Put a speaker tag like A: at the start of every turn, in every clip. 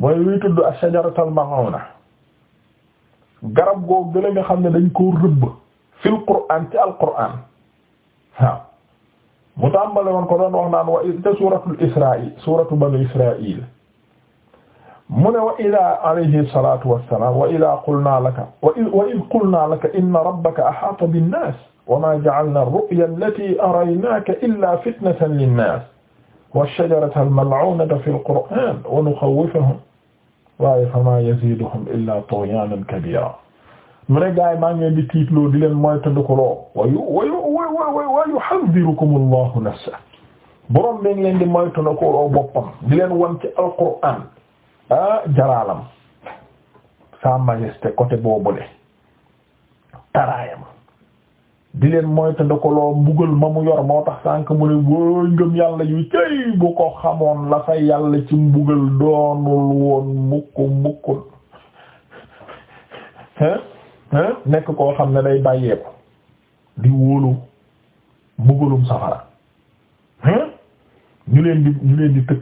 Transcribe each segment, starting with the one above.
A: mooy luy tudd ash-shajaratul mal'una garab goo gële nga xam ne dañ koo rëbb fil qur'aan ci alqur'aan waaw mu tàmbale woon ko doon wax naan wa te suuratul israa'il suuratu banu israa'il mu ne wa ida alayhi salatu wassalam wa ida qulna laka wa id qulna laka inna rabbaka ahaata binnas wama ja'alna ar-ru'ya allati araynaka illa fitnatan linnas wash-shajarata al-mal'unata fil qur'an wa nukhawwifuhum waaye fama yaziduhum illa tughyanan kabira mu ne gars yi maa ngi leen di tiitloo di leen moytandikuloo wayu wayu wayu wayu yuhadhirukum allahu nafsa borom mi ngi di moytandikuloo boppam di leen wan ci alquran ah jaraalam sa majesté côté boobule taraayam di leen moytandikuloo mbugal ma mu yor moo tax sànk mu ne ko xamoon la fa yàlla ci mbugal doonul woon nekk koo xam ne day bàyyeeku di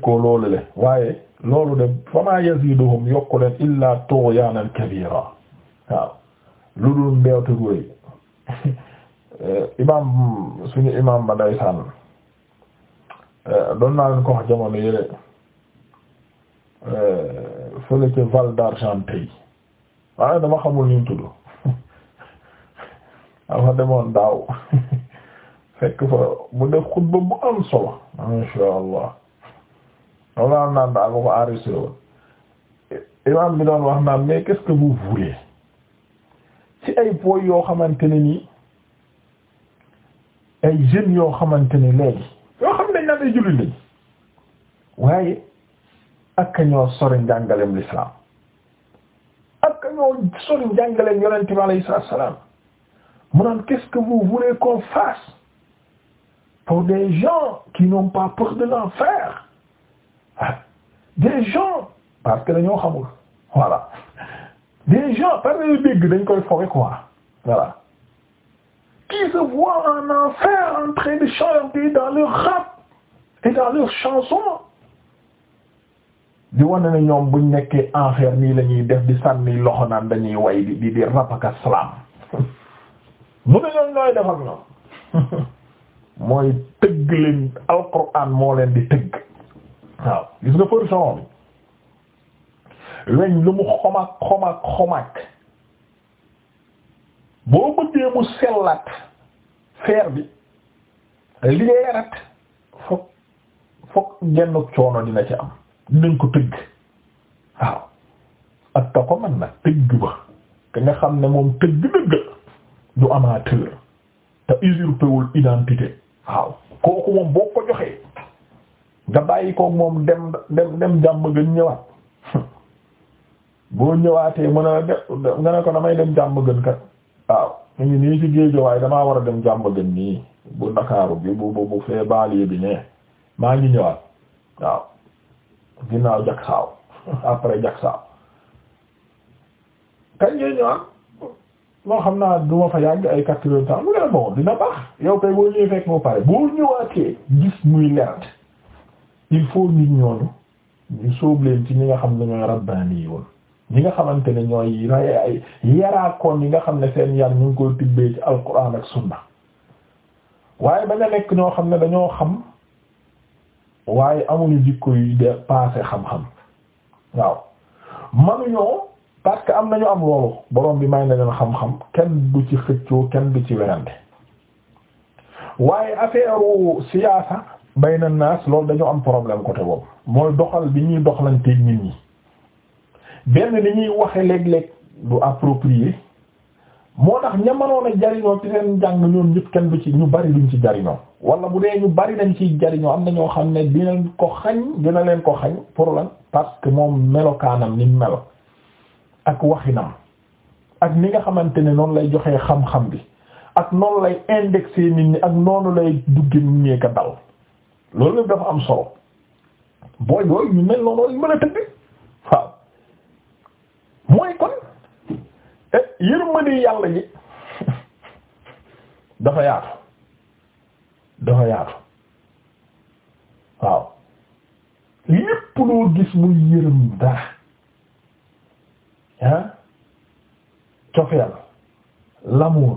A: loolu le waaye loolu de fama yaziduhum yokku leen illaa tughyanan kabira waaw lu dul mbeewte Eh, imaam suñu imaam ba ndeysaan eh, doon naa leen ko wax jamono yële eh, fële ca Val d'Argenteuil waaye dama xamul ni mu tudd dama demoon daaw fekk fa mu def xutba bu am solo insha allah loolu am naan daal ma ko enregistré woon imaam bi doon wax naan mais qu'est-ce que vous voulez ay points yoo xamante ne nii ay jeunes yoo xamante ne léegi yoo xam nañ naan ay jullit lañ waaye ak ka ñoo sori njàngaleem l'islam ak ka ñoo sori njàngaleem yonente bi alayhi salaam mu naan qu'est-ce que vous voulez qu'on fasse pour des gens qui n'ont pas peur de l'enfer ah, des gens parce que dañoo xamul voilà des gens parce que dégg dañ koy fowe quoi voilà qui se voient en enfer en train de chanter dans leur rap et dans leurs chansons di wane ne ñoom buñ nekkee enfer nii lañuy def di sànni loxo naan dañuy way di di di rapaka salam mu ne ñoom ñooy defal ñoom mooy tëgg leen alquran moo leen di tëgg waaw gis nga fërsonbi weñ lu mu xomak xomak xomak boo bëggee mu bi leerat dina ci am dinañ ko tëgg ba xam ne moom tëgg dëgg du amateur te usurpé wul identité waaw kooku moom boo ko joxee nga bàyyi ko moom dem dem dem gën ñëwaat boo ñëwaatee mën a nga ne ko damay dem jàmm gën kat waaw mu ngi nii ci géej waaye damaa war a dem jàmba gën nii bu ndakaaru bi bu bu fee baali bi ne maa ngi ñëwaat waaw ginnaaw jak saaw après jak saaw kañ ngay ñëwaat moo xam naa du ma fa yàgg ay quatre heures mu ne bon dina baax yow kay boo ñëwee fekk moo pare boo ñëwaatee gis muy lerat il faut nit ñooñu ñu sóob leen ci ñi nga xam ne ñooy rabbaani yi woon ñi nga xamante ni ñooy ay yaraakoon yi nga xam ne seen yar ñu ngi koy tibbee ci alquran ak sunna waaye bañ a nekk ñoo xam ne dañoo xam waaye amuñu jikko yu de passé xam-xam waaw manuñoo parce que am nañu am loolu borom bi may na leen xam-xam kenn du ci xëccoo kenn du ci werante waaye affaire siyaasa bayna naas loolu dañoo am problème côté boobu mooy doxal bi ñuy doxalanteeg nit ñi. benn li ñuy waxe léeg-léeg du approprié moo tax ña mënoon a jariñoo ci seen njàng ñoom ñëpp kenn bu ci ñu bari duñ ci jariñoo wala bu dee ñu bari nañ ci jariñoo am na ñoo xam ne dinañ ko xañ dina leen ko xañ pour lan parce que moom melokaanam ni melo ak waxinam ak ni nga xamante ne noonu lay joxee xam-xam bi ak noonu lay indexé nit ñi ak noonu lay dugge nit ñee ko dal loolu dafa am solo booy yooyu ñu mel noonu lañ mën a tëgg mooy kon yërmande yàlla ji dafa yaatu dafa yaatu waaw lépp loo gis muy yërëm dara ah cofeel l'amour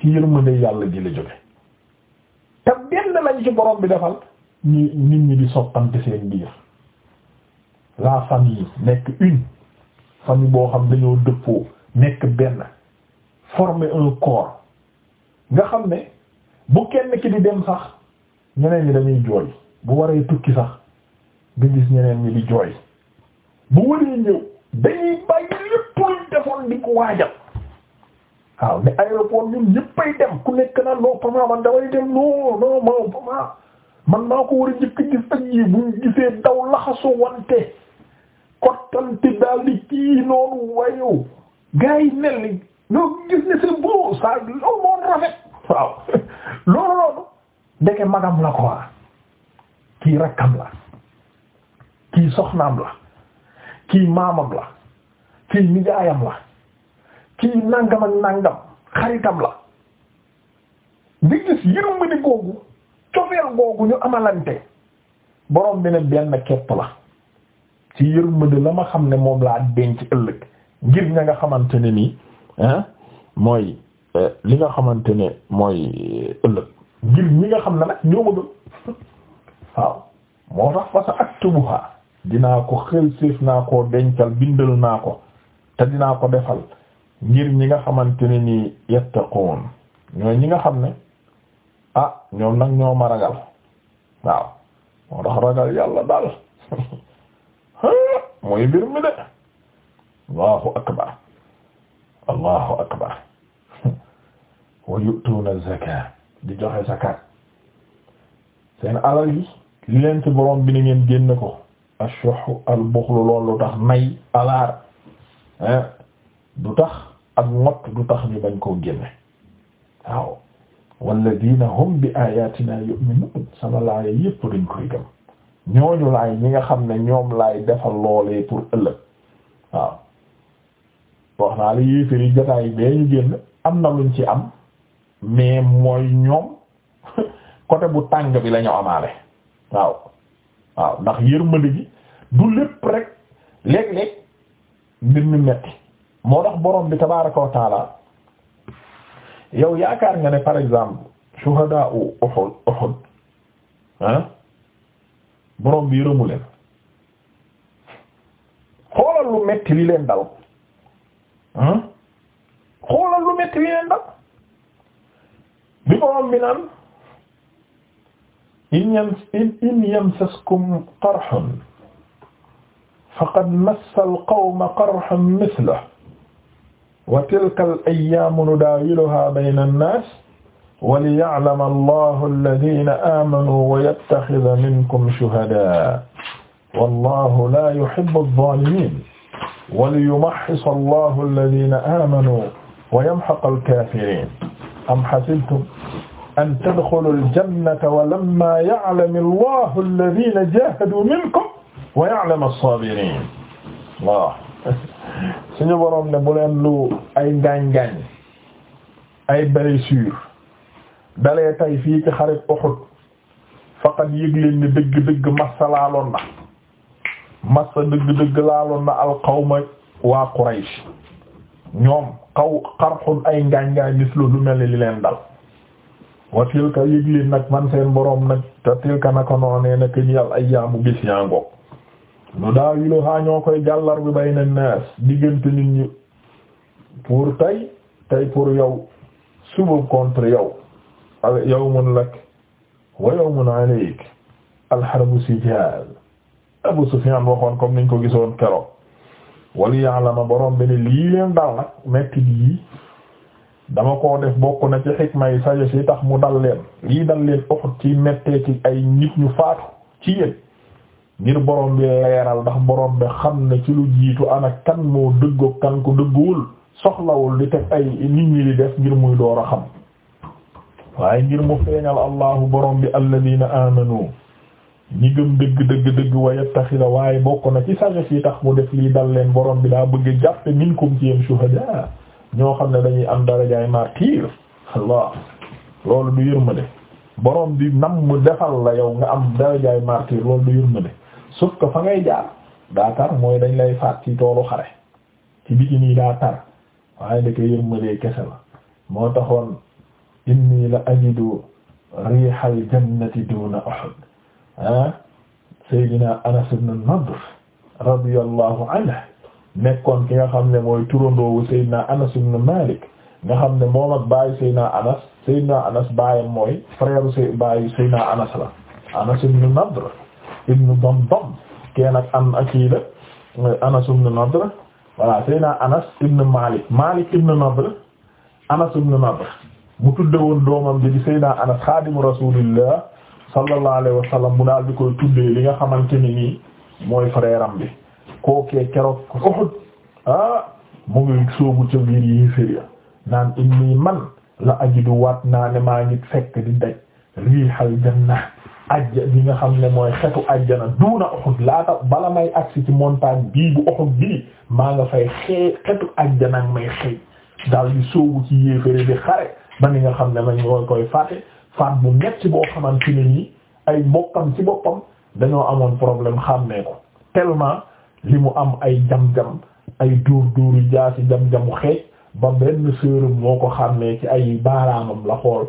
A: ci yërmande yàlla ji la jóge te benn lañ ci borom bi defal ñi nit ñi di soppante seen biir la famille nekk une famille boo xam dañoo dëppoo nekk benn forme un corps nga xam ne bu kenn ki di dem sax ñeneen ñi dañuy jooy bu waree tukki sax nga gis ñeneen ñi di jooy bu waree ñëw dañuy bàyyi lépp luñ defoon di ko waajal waaw ne aéroport ñun ñëppay dem ku nekk na non pama man damay dem non non ma pama man maa ko war a jëkk gis ak yi buñ gisee daw laxasu wante kottanti daal di kii noonu wayow gars yi mel ñoo gis ne c'est beau ça loolu moon rafet waaw loolu loolu ndeke magam la quoi kii rakkam la kii soxnaam la kii maamam la kii nijaayam la kii nàngam ak nàngam xaritam la di gis yërmande googu cofeel googu ñu amalante borom bi ne benn kepp la ci yërmande la ma xam ne moom laa denc ëllëg ngir ña nga xamante ne nii mooy euh, li nga xamante ne mooy euh, ëllëg ngir ñi nga xam ne nag ñoo ma gëm waaw moo tax fa sa aktubuha dinaa ko xel séef naa ko dencal bindal naa ko te dinaa ko defal ngir ñi nga xamante ne nii yattaqoon ñooy ñi nga xam ne ah ñoom nag ñoo ma ragal waaw moo tax ragal yàlla daal mooy mbir mi de allahu akbar allahu akbar wa yu'tuuna zakaat di joxe zakaat seen alal yi li leen ci borom bi ni ngeen génn ko ashuh al buxlu loolu tax nay alaar du tax ak mott du tax ñu bañ koo génne waaw walladina hum bi ayatina yu'minuun sama laaya yépp dañ koy gëm ñooñu laay ñi nga xam ne ñoom laay defal loolee pour ëllëg waaw wax naa la yéeféri jotaay bee ñu génn am na luñ ci am mais mooy ñoom coté bu tàng bi la ñu amaale waaw waaw ndax yërmande gi du lépp rek léeg-léeg mbir mi metti moo tax borom bi tabaaraka wa yow yaakaar nga ne par exemple shuhadaa Uhud Uhud ah borom bi yërëmu leen xoolal lu metti li leen dal xoolal lu metti li leen dal bi borom bi naan in yam in yamsaskum qarhun faqad massa alqawma qarhun mithluhu wa tilka al ayyaamu nudaawiluhaa bayna an-naas waliya'lama allahu alladina amanu wa yattaxida minkum shuhadaa wallaahu laa yuhibbu az-zaalimiin waliyumaxxisa allahu alladina amanu wa yamxaqa al-kaafiriin am xasibtum an tadxulu al-jannata wa lammaa ya'lami allahu alladina jaahaduu minkum wa ya'lama as-saabiriin waaw suñu boroom ne bu leen lu ay ngaañ-ngaañ ay blessures dalee tay fii ci xarit Uhud faqad yëg ni dëgg-dëgg massa laaloon na massa dëgg-dëgg laaloon na alqawma waa Quraysh ñoom xaw xarxun ay ngaañ-ngaañ mislu lu mel ni li leen dal wa tilka yëg nag man seen boroom nag te tilka naka noonee nak ñeel ayyaamu bis yaa ngoog nu daa wilo haa ñoo koy jàllar bi bayna naas diggante nit ñi pour tay tay pour yow suba contre yow yawmun lak wa yawmun alayk alxarbu sijaal Abu Sufyaan waxoon comme niñ ko gisoon keroog wali ya'lama borom bi ne lii leen dal nag metti bi dama koo def bokk na ci xikma yi sagesse yi tax mu dal leen lii dal leen Uhud ci mettee ci ay nit ñu faatu ci yéen ngir borom bi leeral ndax boroom bi xam ne ci lu jiitu ana kan moo dëggoo kan ko dëgguwul soxlawul di teg ay nit ñi di def ngir muy door a xam waaye ngir mu feeñal allahu borom bi alladina amanu ñi gëm dëgg dëgg dëgg wa yattaxida waaye bokk na ci sagesse yi tax mu def lii dal leen borom bi daa bëgg jàppe minkum ci yéen shuhada ñoo xam ne dañuy am darajaay martyr loolu du yërmande borom bi nam mu defal la yow nga am darajaay martyr loolu du yërmande sauf que fa ngay jaar daa tar mooy dañ lay faat ci toolu xare ci biti nii daa tar waaye ndeke yërmande kese la moo taxoon inni la ajidu riihal jannati duuna Uhud ah Seydina Anas ibn Nadr radiyallahu anhu nekkoon ki nga xam ne mooy turandoowu Seydina Anas ibn Malik nga xam ne moom ak baayu Seydina Anas Seydina Anas baayam mooy frère se baayu Seydina Anas la Anas ibn Nadr ibn Damdam kenn ak am akii la Anas ibn Nadr voilà Seydina Anas ibn Malik Malik ibn Nadr Anas ibn Nadr mu tudde woon doomam bi di Seydina Anas xaadimu rasulillah sallallahu alayhi wa sallam mu daal di koy tuddee li nga xamante ni nii mooy frère am bi kookee keroog Uhud ah mu ngi soobu ca biir yi féria naan inni man la ajidu waat naa ne maa ngi fekk di daj riihal janna ajja bi nga xam ne mooy xetu ajjana duuna Uhud laata bala may agsi ci montagne bii bu Uhud bii maa nga fay xee xetu ajjana may xëy daal di soobu ci yéeféri di xare ba ni nga xam ne lañ mooy koy faate faat bu metti boo xamante ne nii ay mbokkam ci boppam dañoo amoon problème xàmmee ko tellement li mu am ay jam-jam ay duur duuru jaasi jam-jamu xeej ba benn sœuram moo ko xàmmee ci ay baaraamam la xool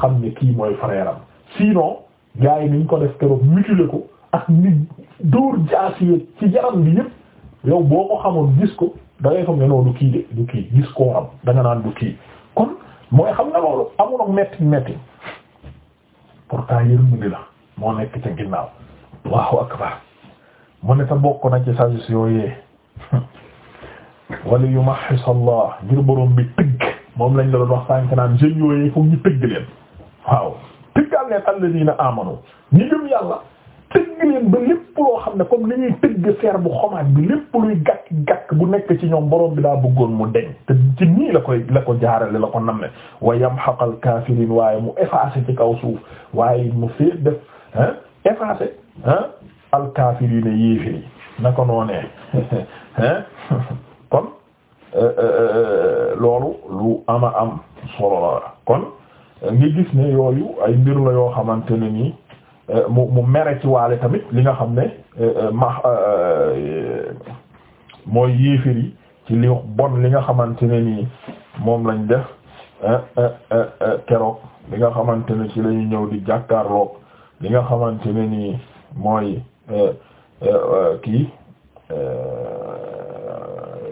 A: xam ne kii mooy frère am sinon yi niñ ko def keroog mutilé ko ak ni dóor jaasi ci yaram bi yëpp yow boo ko xamoon gis ko da ngay xam ne du kii de du kii gis koo am da naan du kii kon mooy xam nga loolu amul ak metti metti pourtant yërmande la moo nekk ca ginnaaw Allahu akbar mu ne ta bokk na ci sagesse yooyee wala yu mahis Allah ngir borom bi tëgg moom lañ la doon wax sànq naan jeunes yooyee foog leen waaw tëggal leen alladina amanu ñi gëm yàlla tëgg leen ba lépp loo xam ne comme ni ñuy tëgg fer bu xomaat bi lépp luy gàkk gàkk bu nekk ci ñoom borom bi daa bëggoon mu deñ te nii la koy la ko jaarale la ko nam ne wa yamhaqal kaafiriin waaye mu effacé ci kaw suuf waaye mu fee def hein effacé hein al kaafiriin yéefiri na ko noonee hein kon euh, euh, euh, loolu lu ama am solo la kon nga gis ne yooyu ay mbir la yoo xamante ni nii mu mu mere ci waale tamit li nga xam ne euh, euh, ma euh, mooy yéefir yi ci li bon li nga xamante ne nii moom lañ def keroog li nga xamante ne ci lañu ñëw di jàkkaarloog li nga xamante ne nii mooy kii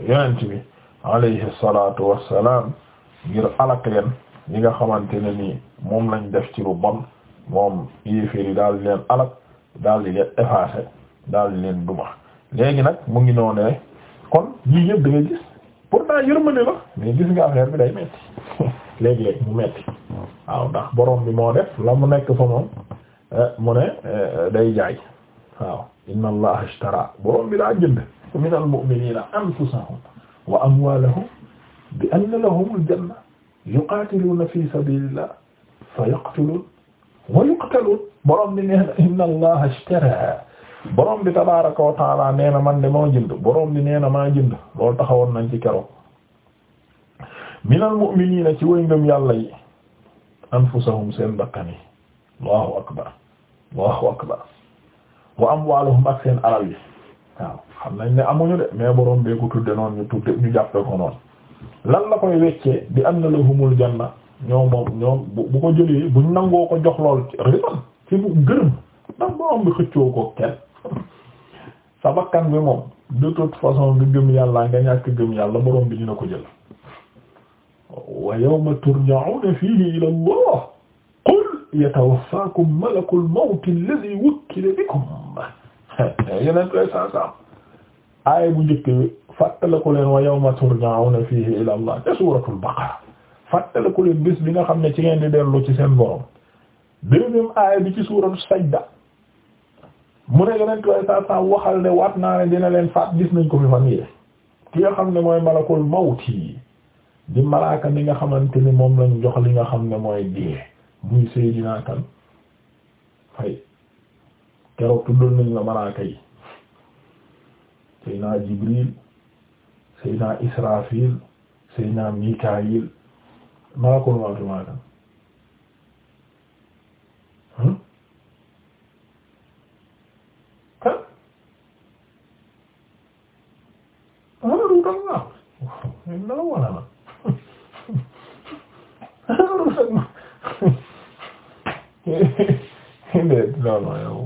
A: yonent bi alayhi salaatu wassalaam li nga xamante nii moom lañ def ci lu bon moom yéeféeri daal leen alak daal leen effacé daal di leen duma léegi nag mu ngi noonu ne kon lii yëpp da ngay gis pourtant yërmande la mais gis nga affaire bi day metti léegi-léeg mu metti waaw ndax borom bi moo def la mu nekk fa moom eh, mu ne eh, day jaay waaw inna allaha ishtara borom bi daa jënd min al mu'minina wa amwalahum bi anna lahumul janna yuqatiluna fi sabilillah fa yaqtulun wa yuqtaluun borom bi nee na inna allaha ishtara borom bi tabaaraka wa taala nee na man de moo jënd borom bi nee na maa jënd loolu taxawoon nañ ci keroog minal mu'miniina ci way ngëm yàlla yi anfusahum seen bakkan yi allahu akbar allahu akbar wa amwaaluhum ak seen alal yi xam nañ ne amuñu de mais borom bee ko tudde noonu ñu tudde ñu jàppe ko noonu lan la koy weccee bi anna lahumul janna ñoom moom ñoom bu ko jëlee buñ nangoo ko jox lool riban ci bu gërëm ndax borom bi xëccoo ko kenn sa bi moom de toute façon nga gëm yàlla nga ñàkk gëm yàlla borom bi dina ko jël wa yawma turja'una fihi ila Allah qul yatawaffakum malakul mawt alladhi wukkila bikum yeneen koy saasam aaya bu njëkk fàttaliku leen wa yawma turja'una fihi ila Allah ca suuratul baqara fàttaliku leen bis bi nga xam ne ci ngeen di dellu ci seen borom deuxième aaya bi ci suuratu sajda mu ne yonent way sa sa waxal ne waat naa ne dina leen faat gis nañ ko fi fan yee ki nga xam ne mooy malakul mawti di malaaka mi nga xamante ni moom lañu jox li nga xam ne mooy dee muy Seydina kan fay keroog tuddal nañ la malaaka yi Seydina Jibril Seydina Israfil Seydina Mikaayil malakul mawti mooy kan kan wala du tak ma nala wala na du tak ma déet non non yow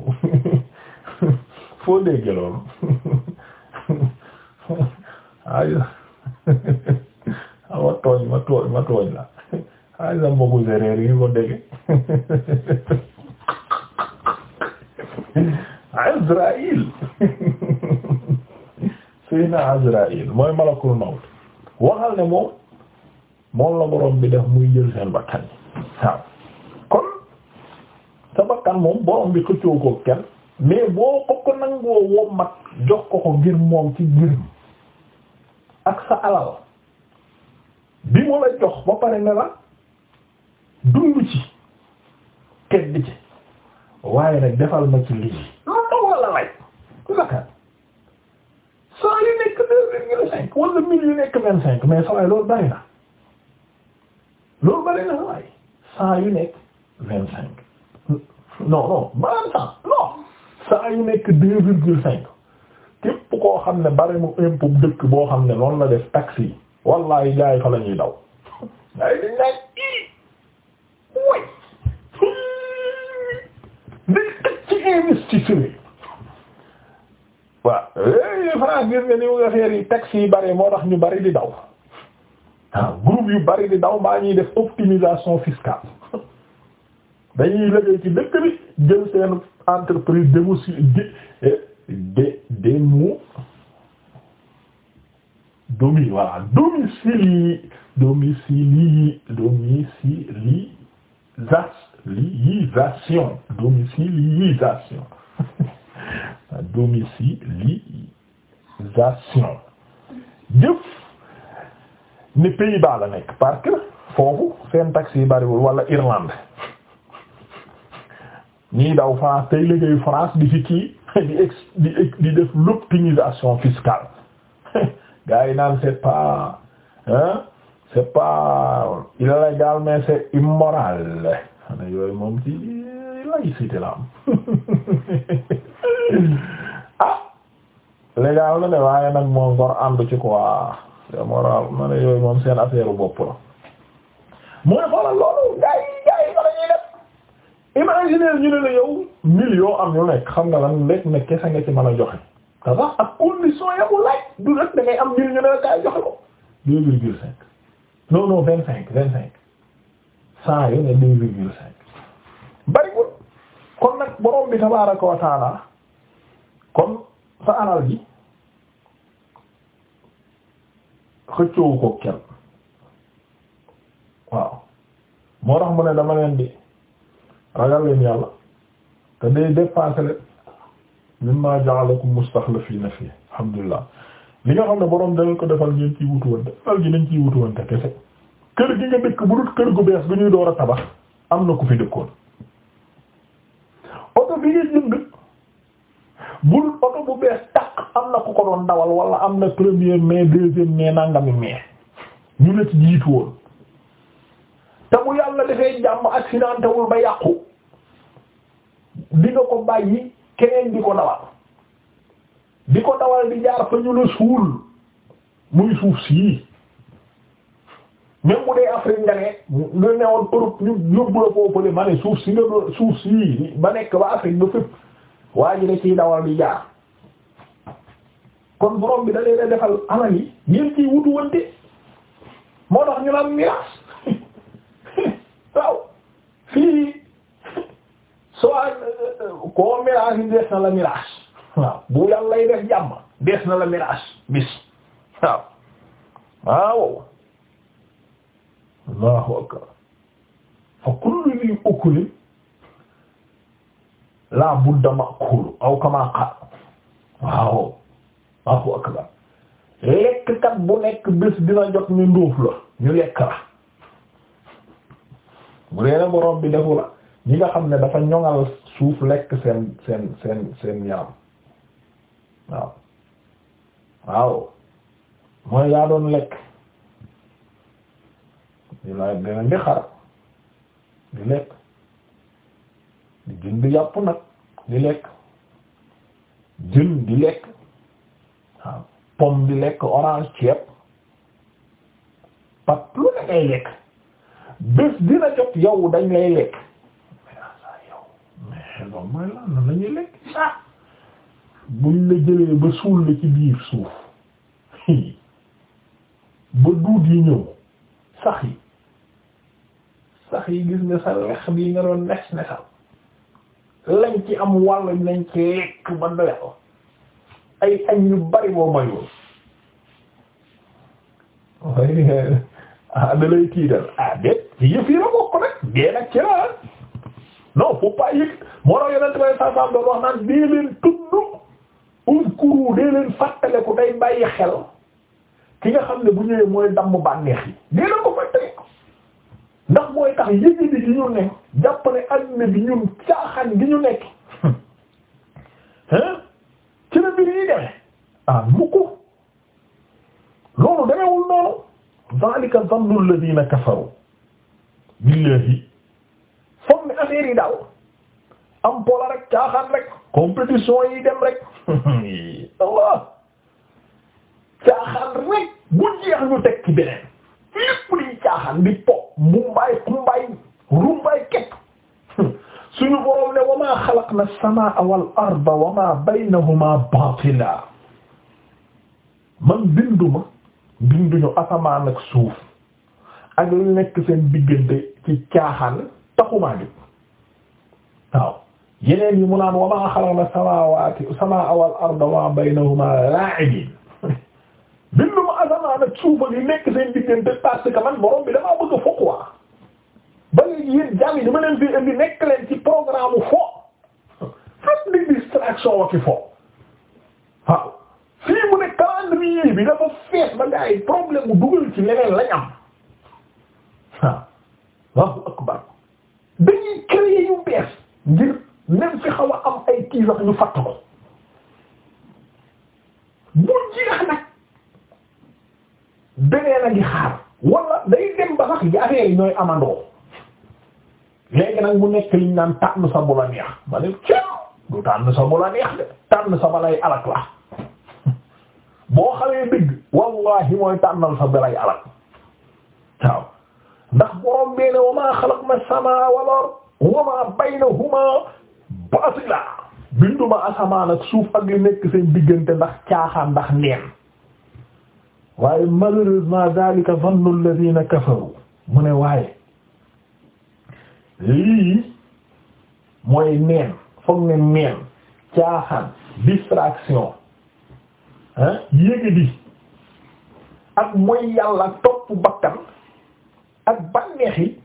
A: foo dégg loolu ayo awa tooñ ma tooñ ma tooñ la ay sa mbokku séeréer yi ko dégg Azraïl Seyna Azraïl mooy malakul mawt waxal ne moom moom la borom bi def muy jël seen bakkan waaw kon sa moom borom bi xëccoo ko kenn mais boo ko ko nangoo wommat jox ko ko ngir moom ci ngir ak sa alal bi mu la jox ba pare ne dund ci tedd ci waaye nag defal ma ci lii loolu wala lay zakat saa yu nekk deux virgule cinq wala mille yu nekk vingt cinq mais saa waay loolu bari na loolu bari na waaye saa yu nekk vingt cinq non non maanaam non saa yu nekk deux virgule cinq képp koo xam ne bari mu impôt dëkk boo xam ne noonu la def taxi yi wallaahi gars yi fa la ñuy daw. ci fii waaw eh, France gis ni mu nga affaire yi taxes yi bari moo tax ñu bari di daw waaw groupe yu bari di daw maa ñuy def optimisation fiscale dañuy liggéey ci dëkk bi jël seen entreprise démo si dé eh, dé démo domi voilà domicile yi domicile yi domicile domicilisation domicilisation domicilisation jëf ni Pays-Bas la nekk parce que foofu seen taxi yi bariwul wala Irlande ñii daw France tey liggéey France di fi kii di ex di di def l'optimisation fiscale gars yi naan c'est pas hein c'est pas illégal mais c'est immoral ne yooyu moom ci laïcité la am ah légal la de waaye nag moo ngor ànd ci quoi c'est moral moom seen affaire bopp la mooy xoolal loolu gaa yi gaa yi bala ñuy def am yu nekk xam nga lan rek ne kese nga ci mën a joxe te sax ak condition yamu laaj du rek da am mille ñu ne la gaa yi joxe ko deux virgule cinq non non vingt cinq vingt cinq cent yi ne deux virgule cinq bariwul kon nag borom bi tabaaraka wa taala kon sa alal ji xëccoowu ko kenn waaw moo tax mu ne dama leen di ragal leen yàlla te day dépenser leen mimma ja'alakum mustaxlafiina fii alhamdulillah li nga xam ne borom dañ ko defal ngeen ciy wutuwante alal ji nañ ciy wutuwante kese. kër gi nga dëkk bu dul kër gu bees gu ñuy door a tabax am na ku fi dëkkoon oto bi nga jënd bu oto bu bees tàq am na ku ko doon dawal wala am na premier mai deuxième mai nangami mai ñu la ci jiitu woon te bu yàlla defee jàmm accidentéwul ba yàqu di nga ko bàyyi keneen di ko dawal di ko dawal di jaar fa ñu la suul muy suuf sii même bu dee Afrique nga ne newoon Europe ñu yóbbu la koo fële ma ne suuf si nga suuf si ba nekk ba Afrique ba fépp waa ji ne ciy dawal bi jaar kon borom bi da leen defal alal yi ngeen wutu wante moo tax ñu naan miraas waaw fii soo koo miraas yi des na la miraas waaw bu yàlla lay def jàmm des na la miraas bis waaw allahu akbar fa kullu li ukuli la budda makulu aw kama qaal waaw allahu akbar lekkkat bu nekk bés dina jot ni ndóof la ñu lekk la bu reena borom bi defu la ñi nga xam ne dafa ñoŋal suuf lekk seen seen seen seen yaram waaw waaw mooy yaa doon lekk ñu nawet dinañ di xar di lekk di jënd yàpp nag di lekk jën di lekk waaw pomme di lekk orange ceeb pat lu ne lekk bés dina jot yow dañ lay lekk loolu mooy lan nan lañuy ah, la jëlee ba suul la ci biir suuf ba duut yi ñëw sax yi sax yi gis nga sa lex bii nga doon nes nesal lañ ci am wàll nañ ci lekk ba doya ko ay añ yu bari boo mayoon waaye ah lay tiital ah déet ci yëf yi la bokk nag dee nag ci la non faut pas yëg moo tax yonent bay sasam doon wax naan dee leen tudd uzkuru dee leen fàttaleku day bàyyi xel ki nga xam ne bu ñëwee mooy damm bànneex yi dee leen ko fàttaleku ndax mooy tax yëngu bi ñu ne jàppale àdduna bi ñun caaxaan gi ñu nekk hein ci la mbir yi demee ah mukk loolu demewul noonu zalika zannu alladhina kafaru billahi foog ne affaire yi daaw am pola rek caaxaan rek compétition yi dem rek caaxaan rek bu jeex ñu teg ci beneen lépp caaxaan di mumbaay kumbaay rumbaay képp suñu borom ne wa maa xalaqna as-samaa wal arda wa maa baynahumaa baatila man binduma binduñu asamaan ak suuf ak li nekk seen diggante ci caaxaan taxumaa jóg waaw yeneen yi mu naan wa maa xalaqna as-samaawaati as-samaa wal arda wa maa baynahumaa laa'ibiin binduma asamaan ak suufa gi nekk seen diggante parce que man borom bi damaa bëgg a fo quoi ba léegi yéen jàmm yi ma leen fi indi nekk leen ci programme fo fas di distraction wa ci fo waaw fii mu ne calendrier bi dafa fees ba problème mu dugal ci leneen lañ am waaw Allahu akbar dañuy créer yu bees ngir même fi xaw am ay kii sax ñu fàtt ko bu jeex nag beneen a ngi xaar wala day dem ba sax affaire yi ñooy amandoo léegi nag mu nekk liñ naan tànn sa bu la neex ma ne ceeb du tànn sa bu la neex de tànn sa ba lay alak la boo xawee dëgg wallahi mooy tànnal sa ba lay alak waaw ndax borom bee ne wa maa xalaqna samaa wal ard wa maa baynahumaa baatila binduma asamaan ak suuf ak li nekk seen diggante ndax caaxaan ndax neen waaye malheureusement dalika zannu alladhina kafaru mu ne waaye lii mooy neen foog ne neen caaxaan distraction ah yéegi ak mooy yàlla topp bakkan ak bànneex yi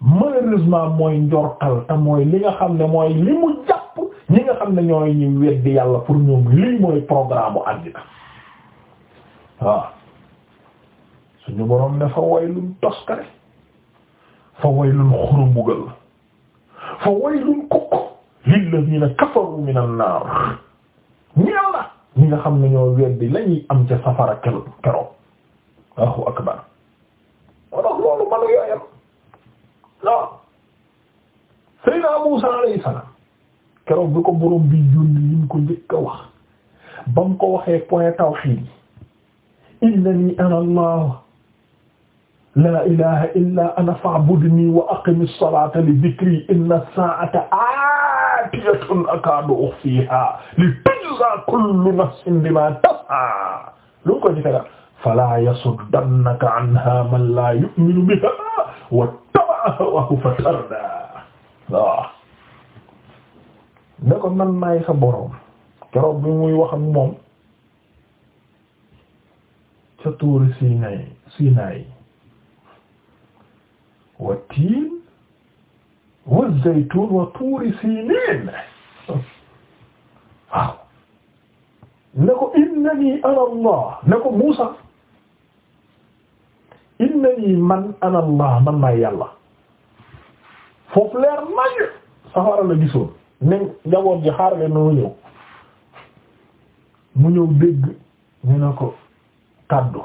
A: malheureusement mooy njortal te mooy li nga xam ne mooy li mu jàpp ñi nga xam ne ñooy ñu yàlla pour ñoom lii mooy programme àddina waaw suñu borom ne fa waylun toskare fa waylun xurumbugal fa waylun kukk lilladina kafaru min an naar ñeel na ñi nga xam ne ñoo weddi lañuy am ca safara kel keroog Allahu akbar moo tax loolu manu yooyam non Seydina Muusa alayhi salaam keroog bi ko borom bi yónni liñ ko njëkk a wax ba mu ko waxee point tawhid innani ana Allah laa ilaha illa ana fa'budni wa aqimi ssalata li dhikri inna sa'ata aatiyatun akaadu ukhfiha li tujza kullu nafsin bima tas'a lu ko defee fala yasuddannaka anha man la yu'minu biha wattaba'a hawahu fatarda waaw ne ko man maay sa borom keroog bi muy wax ak moom ca tuuri Sinaay Sinaay wa tiin wa zaytuun wa tuuri siiniin waaw ne ko innanii ana allah ne ko Muusa innanii man ana allah man maay yàlla foofu leer nañu safara la gisoon ne njaboot ji xaar leen noo ñëw mu ñëw dégg ñu ne ko kaddu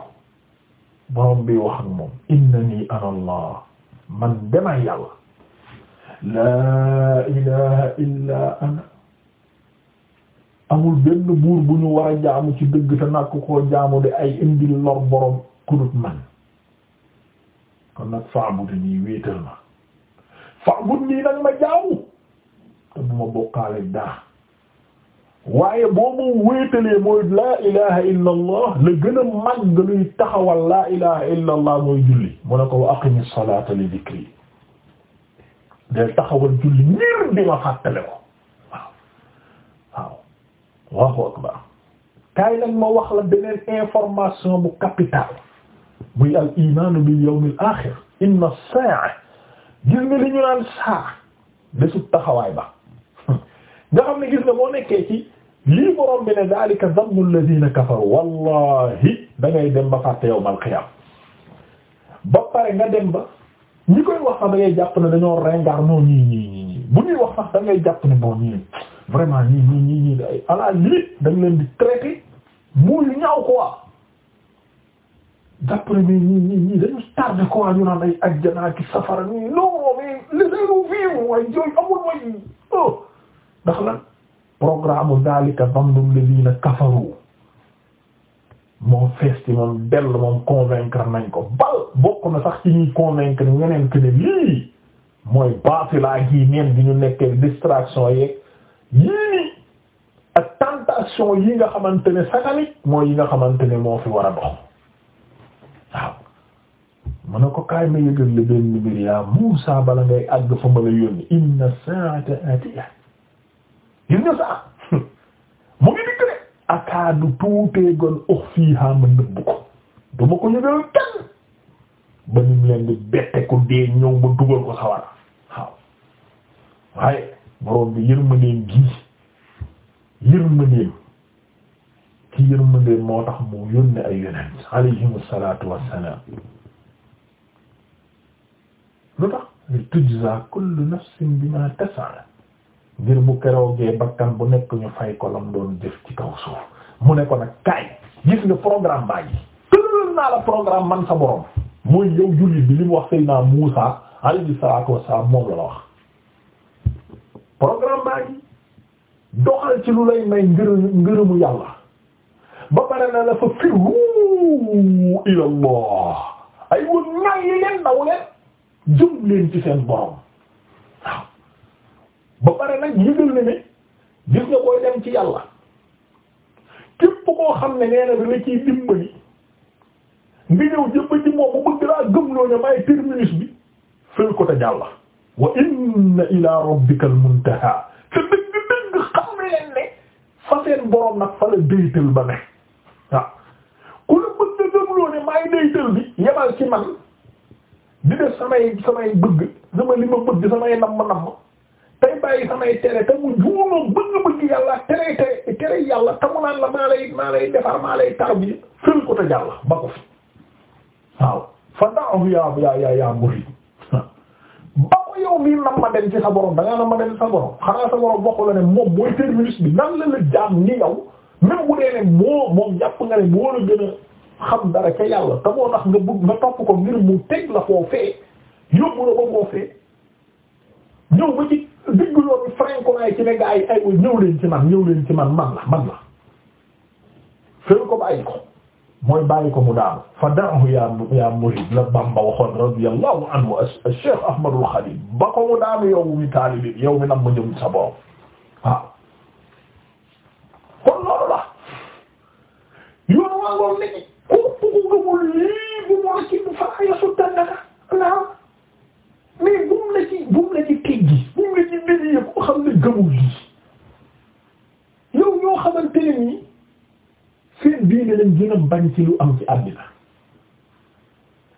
A: borom bi wax moom innanii ana allah man demay yàlla laa ilaha illa ana amul benn buur bu ñu war a jaamu ci dëgg te nakk koo jaamu de ay indil lor borom kudut man kon nag faabudu nii wéetal ma faabud nii nag ma jaamu te bu ma bokkaale daa waaye boo mu wéetalee mooy laa ilaha illa allah la gën a màgg luy taxawal laa ilaha illa allah mooy julli mu ne ko wa aqimi salata li dhikri del taxawal julli ngir di ma fàttale ko waaw waaw allahu akbar kaay nag ma wax la beneen information bu capitale muy al imaanu bil yawmil axir inna saa gis nga li ñu naan saa bésu taxawaay ba nga xam ne gis nga boo nekkee ci lii borom bi ne daalika zannu alladhina kafaru wallahi da ngay dem ba fàtte yawmal qiyaam ba pare nga dem ba ñi koy wax sax da ngay jàpp ne dañoo rengar noo ñii ñii ñii bu ñuy wax sax da ngay jàpp ne boo ñii vraiment ñii ñii ñii ñii day à la dañ leen di traité muy ñaaw quoi jàpp ne mais ñii ñii ñii ñu naan ay ajjana ki safara ñii non mais laissez-nous vivre waaye jooy amul mooy oh ndax lan programme dalika zannul ladina kafaru moom festi moom dell moom convaincre nañ ko bal bokk na sax ci ñuy convaincre ñeneen que ne lii mooy baatilaa gii neen bi ñu nekkee distraction yeeg yii ak tentation yi nga xamante ne satanique mooy yi nga xamante ne moo fi war a dox waaw mu ne ko kaay ma yëgal la benn mbir yaa bala ngay àgg fa ma la yónni inna saata atiya gis nga sax mu ngi dikk de akaadu tuutee gon ux fii haa ma nëbb ko duma ko yëgal kenn ba nim leen di bette ko dee ñëw ba dugal ko sawara waaw waaye borom bi yërmandeem gii yërmandeem ci yërmandeem moo tax mu yónnee ay yonent alayhimu salaatu wassalaam lu tax li tujzaa kullu nafsin bimaa tas'aa ngir bu keroogee bakkan bu nekk ñu fay ko doon jëf ci kaw suuf mu ne ko nag kaay gis nga programme baa ji tëral naa la programme man sa borom mooy yow jullit bi li mu wax Seydina Muusa alayhi salaatu wassalaam moom la la wax programme baa ji doxal ci lu lay may ngërëm ngërëmu yàlla ba pare na la fa firru ilallah ay woon nag yi leen daw leen jëm leen ci seen borom ba pare nag yëgal ne ne gis nga koy dem ci yàlla képp koo xam ne nee na dina ciy dimbali nga ñëw jëmba ci moom mu bëgg laa gëmloo ne may terminus bi fël ko te jàlla wa inna ila rabbika muntaha te dëgg dëgg xam leen ne fa seen boroom nag fa la déytal ba ne waaw ku la bëgg a gëmloo ne may déytal bi yebal ci man di def samay samay bëgg sama li ma bëgg samay namm namm bàyyi samay tere te mu juumoom bëgg-bëgg yàlla tere tere tere yàlla te la maa lay maa lay defar maa lay tarbi fël ko te jàll ba ko fi waaw fa daahu yaa yaa yaa yaa muri ba ko yow mii nam ma dem ci sa borom da ngaa nam ma dem ci sa borom xanaa sa borom waxu ne moom mooy terminus bi nan la la jaam ni yow même bu dee ne moo moom jàpp nga ne moo la gën a xam dara ca moo tax nga topp ko ngir mu teg la foofee yóbbu la ba foofee ñëw ba ci digg yoonu franco naay ci ne gaa yi ay ñëw leen ci man ñëw leen man man la man la mooy bàyyi mu daanu fa da'hu yaa yaa murid la Bamba waxoon radiyallahu anhu Cheikh Ahmadul Khadim ba ko mu daanu yow mu jëm sa borom kon loolu la yoonu waa ngoon nit ku ku gëmul lii bu gën a bañ ci lu am ci àddina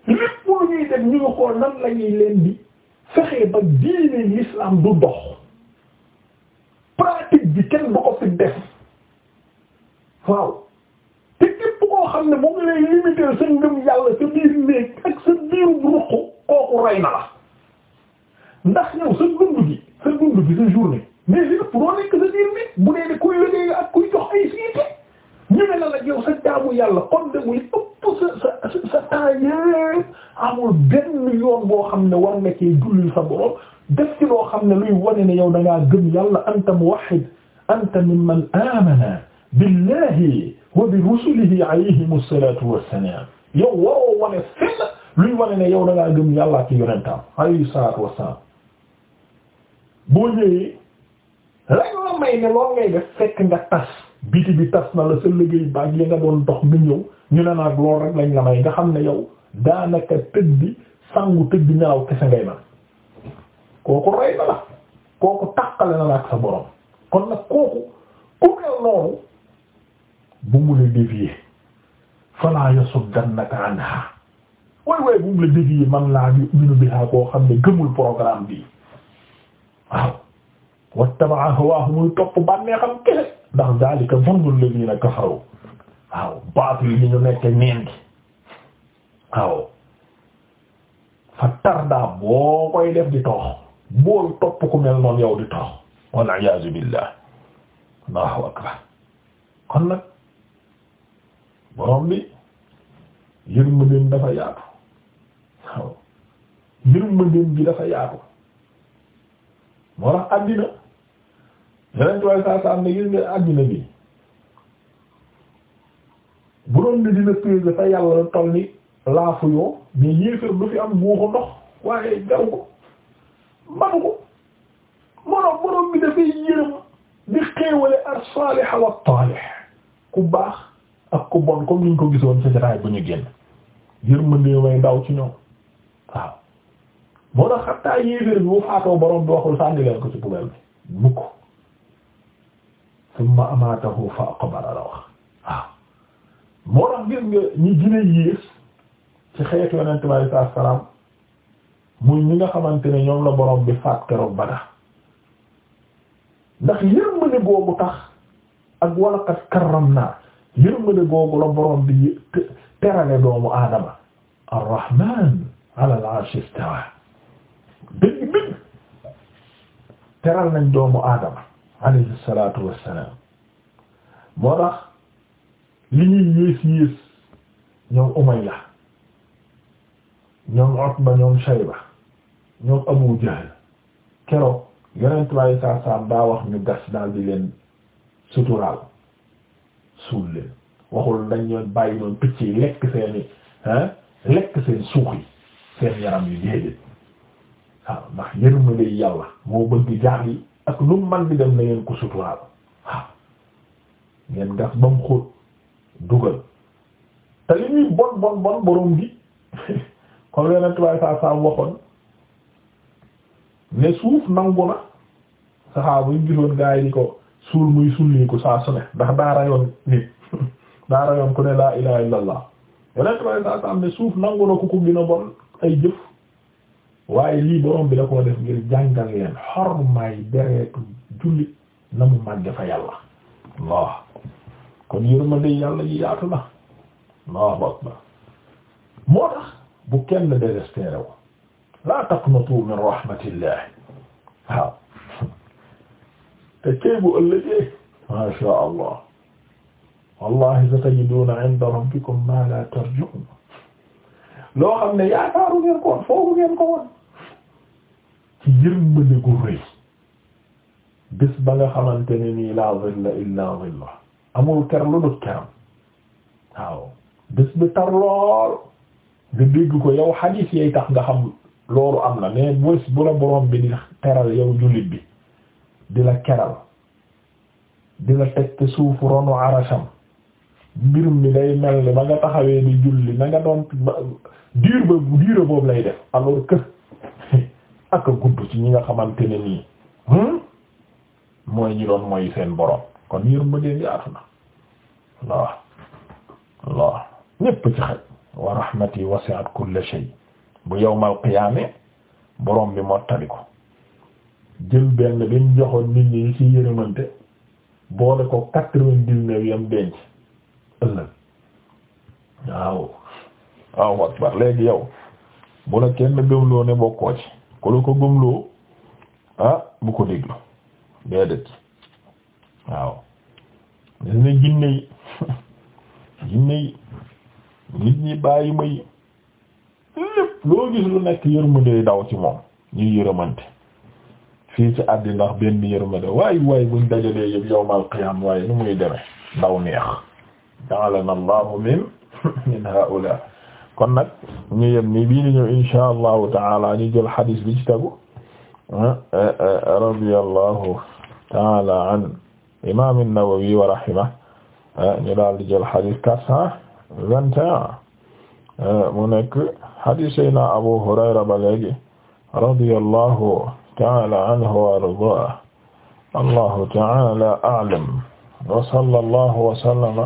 A: lépp lu ñuy def ñu ngi xool nan lañuy leen di fexee ba diine l'islam du dox pratique bi kenn du ko fi def waaw te képp koo xam ne mu ngi lay limiter sa ngëm yàlla sa biir néeg ak sa biiru ruq kooku rey na la ndax yow sa dund gi sa dund gi sa journée mais lépp doo nekk sa biir néeg bu dee ne kuy liggéey ak kuy jox ay siite ñu ne la la yow sa jaamu yàlla kon de muy ëpp sa sa sa temps yépp amul benn boo xam ne war na cee jullil sa borom def ci loo xam ne luy wane ne yow da ngaa gëm yàlla anta muwahhid anta mimman amana billahi wa bi rusulihi alayhimu salaatu wassalaam yow waroo wane fenn luy biti bi tas na la sa liggéey baag yi nga doon dox nga ñëw ñu ne nag loolu rek lañ la may nga xam ne yow daanaka tëdd sangu tëdd nelaw kese ngay man kooku rey na la kooku tàqale na la ak sa borom kon nag kooku ku mel noonu bu mu la dévier fala yasuddannaka anha way way bu mu la dévier man laa yu'minu biha koo xam ne gëmul programme bi waaw wattaba'a hawaahu muy topp bànneexam kese ndax zalika zannul ladina kafaru waaw baatu yi ñu nekk neen gi waaw fa tardaa boo koy def di toox booy topp ku mel noonu yow di toox walla iyaazu billaah allahu akbar kon nag borom bi yërmandeem dafa yaatu waaw yërmandeem bi dafa yaatu moo tax àddina yeneen ci waaye saa saa am ne gis nga àddina bi bu doon ne dina peser fa yàlla la toll ni laafu yoo mais yéefar fi am guuxu ndox waaye jaru ko manu ko moroom moroom dafay yërëm di xéewale as-salih wa at ku baax ak ku bon comme niñ ko gisoon sa jaraay bu ñu génn yërmande way ndaw ci ñoom waaw moo tax xattaa yéefar bi bu faatoo boroom bi waxul sànni ko ci poubelle bi mukk summa amaatahu fa aqbara la wax waaw moo tax gis nga ñi gën yées ci xeetu yonent bi alayhi salaatu salaam muy ñi nga xamante ne ñoom la borom bi faat keroog Badar ndax yërmande googu tax ak wala qad karramnaa yërmande googu la borom bi terale doomu aadama ar-Rahmaan ala al-arshi teral nañ doomu aadama alayhi salaatu wassalaam moo tax li ñuy yées yées ñoom Umayya ñoom Utba ñoom Shayba ñoom Abu Jahl keroog yeneen tubaab yi daa wax ñu gas daal di leen suturaal suul leen waxul dañ ñoo bàyyi noonu picc yi lekk seeni hein lekk seen suux yi seen yaram yu déedéet waaw ndax yërmande yàlla moo bëgg jaar yi ak lu man di dem na ngeen ko suturaal waaw ngeen gas ba mu xóot dugal te bon bon bon borom gi kon yeneen saa saa waxoon ne suuf nangu na saxaaba yu gisoon gaa yi di ko suul muy sulli ko saa su ndax daa rayoon nit daa rayoon ku ne laa ilaaha illallaah yeneen tubaab saa saa ne suuf nangu na ku ko gën a bon ay jëf. waaye lii borom bi da koo def ngir jàngal leen xormaay dereetu jullit na mu màgg fa yàlla waaw kon yërmande yàlla yi yaatu akbar moo bu kenn désespéré la taqnatu min rahmatillah waaw te kay bu ëllëgee ma sha Allah wallahi satajiduna inda rabbikum ma la tarjun loo xam ne yaakaaru ngeen ko woon foofu ngeen ko woon ci yërmande gu rëy bés ba nga xamante ne nii laa zilla illaa zilla amul ker lu dul keram waaw bés bi tar lool nga dégg ko yow xadiis yay tax nga xam loolu am na mais bés bu la borom bi di teral yow jullit bi di la keral di la teg te suufu ronu arasam mbir mi day mel ni ba nga taxawee di julli na doon diir ba diir boobu lay def alors que ak gudd ci ñi nga xamante ne nii hmm? mooy ñi doon mooy seen borom kon yërmande yaatu na waaw waaw ñépp ci xaj wa rahmati kull shay bu yawmal qiyaama borom bi mottali ko jël benn bi mu joxoon nit ñi ci yërëmante boole ko quatre-vingt-dix-neuf yam denc ëllëg waaw waaw akbar léegi yow bu la kenn gëmloo ne bokkoo ci ku la ko gëmloo ah bu ko déglu déedéet waaw ñi bàyyi ma loo gis lu nekk yërmande daw ci moom ñuy yërëmante fii ci àddi ndax benn yërmande waay waay buñ dajalee yëpp yawmal qiyaam waaye nu muy deme daw neex ja'alana allahu min min haula kon nag ñu yem ni bii di ñëw insha allahu taala ñu jël xadis bi ci tagu ah, eh, eh, radiyallahu taala an imam an-Nawawi wa rahima ah, ñu daal di jël xadis quatre cent vingt et un ah, mu nekk xadis sayna Abu Hurayra ba léegi radiyallahu taala anhu wa ardaahu allahu taala a'lam wa sallallahu wa sallama